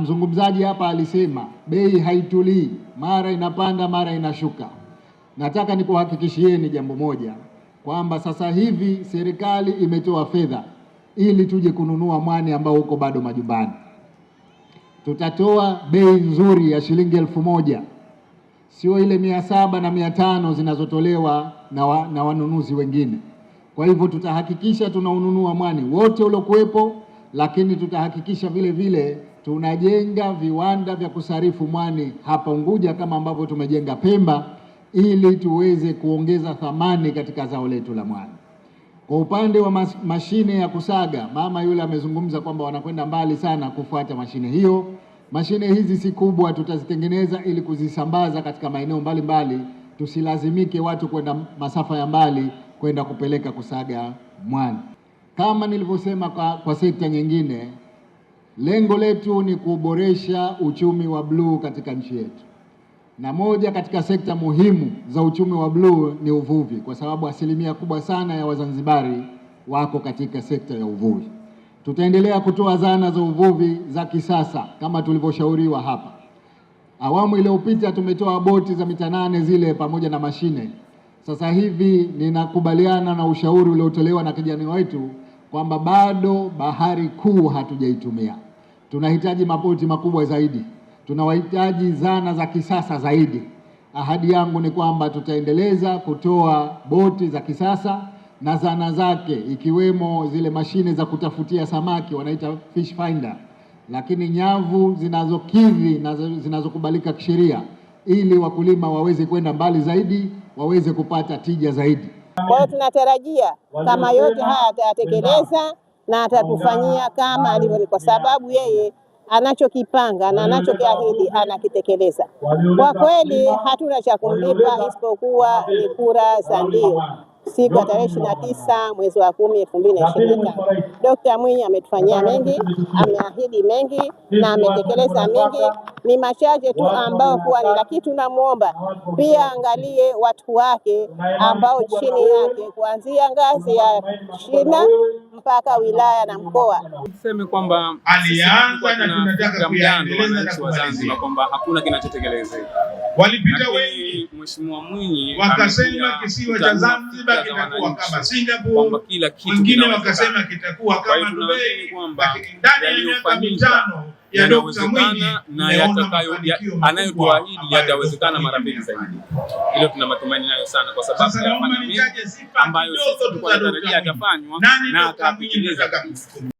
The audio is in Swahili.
mzungumzaji hapa alisema bei haitulii, mara inapanda mara inashuka. Nataka nikuhakikishieni jambo moja kwamba sasa hivi serikali imetoa fedha ili tuje kununua mwani ambao uko bado majumbani. Tutatoa bei nzuri ya shilingi elfu moja sio ile mia saba na mia tano zinazotolewa na, wa, na wanunuzi wengine. Kwa hivyo tutahakikisha tunaununua mwani wote uliokuwepo lakini tutahakikisha vile vile tunajenga viwanda vya kusarifu mwani hapa Unguja kama ambavyo tumejenga Pemba, ili tuweze kuongeza thamani katika zao letu la mwani. Kwa upande wa mashine ya kusaga, mama yule amezungumza kwamba wanakwenda mbali sana kufuata mashine hiyo. Mashine hizi si kubwa, tutazitengeneza ili kuzisambaza katika maeneo mbalimbali, tusilazimike watu kwenda masafa ya mbali kwenda kupeleka kusaga mwani. Kama nilivyosema kwa, kwa sekta nyingine, lengo letu ni kuboresha uchumi wa bluu katika nchi yetu, na moja katika sekta muhimu za uchumi wa bluu ni uvuvi, kwa sababu asilimia kubwa sana ya Wazanzibari wako katika sekta ya uvuvi. Tutaendelea kutoa zana za uvuvi za kisasa kama tulivyoshauriwa hapa. Awamu iliyopita tumetoa boti za mita nane zile pamoja na mashine. Sasa hivi ninakubaliana na ushauri uliotolewa na kijana wetu kwamba bado bahari kuu hatujaitumia. Tunahitaji maboti makubwa zaidi, tunawahitaji zana za kisasa zaidi. Ahadi yangu ni kwamba tutaendeleza kutoa boti za kisasa na zana zake, ikiwemo zile mashine za kutafutia samaki wanaita fish finder, lakini nyavu zinazokidhi na zinazokubalika kisheria ili wakulima waweze kwenda mbali zaidi, waweze kupata tija zaidi. Kwa hiyo tunatarajia kama yote haya atayatekeleza na atatufanyia kama alivyo, kwa sababu yeye anachokipanga na anachokiahidi anakitekeleza. Kwa kweli hatuna cha kumlipa isipokuwa ni kura za ndio siku ya tarehe ishirini na tisa mwezi wa kumi elfu mbili na ishirini na tano. Dokta Mwinyi ametufanyia mengi, ameahidi mengi na ametekeleza mengi, ni machache tu ambao kuwa ni, lakini tunamwomba pia angalie watu wake ambao chini yake kuanzia ngazi ya shina mpaka wilaya na mkoa. Tuseme kwamba alianza na tunataka kuyaendeleza kwa Zanzibar, kwamba hakuna kinachotekelezeka walipita wengi. Mheshimiwa Mwinyi wakasema kisiwa cha Zanzibar kitakuwa kama Singapore, wengine wakasema kitakuwa kama Dubai, lakini ndani ya miaka mitano ya Mwinyi na yatakayo anayotuahidi yatawezekana mara mbili zaidi. Hilo tuna matumaini nayo sana, kwa sababu ambayo sisi tunatarajia atafanywa na atatekeleza kabisa.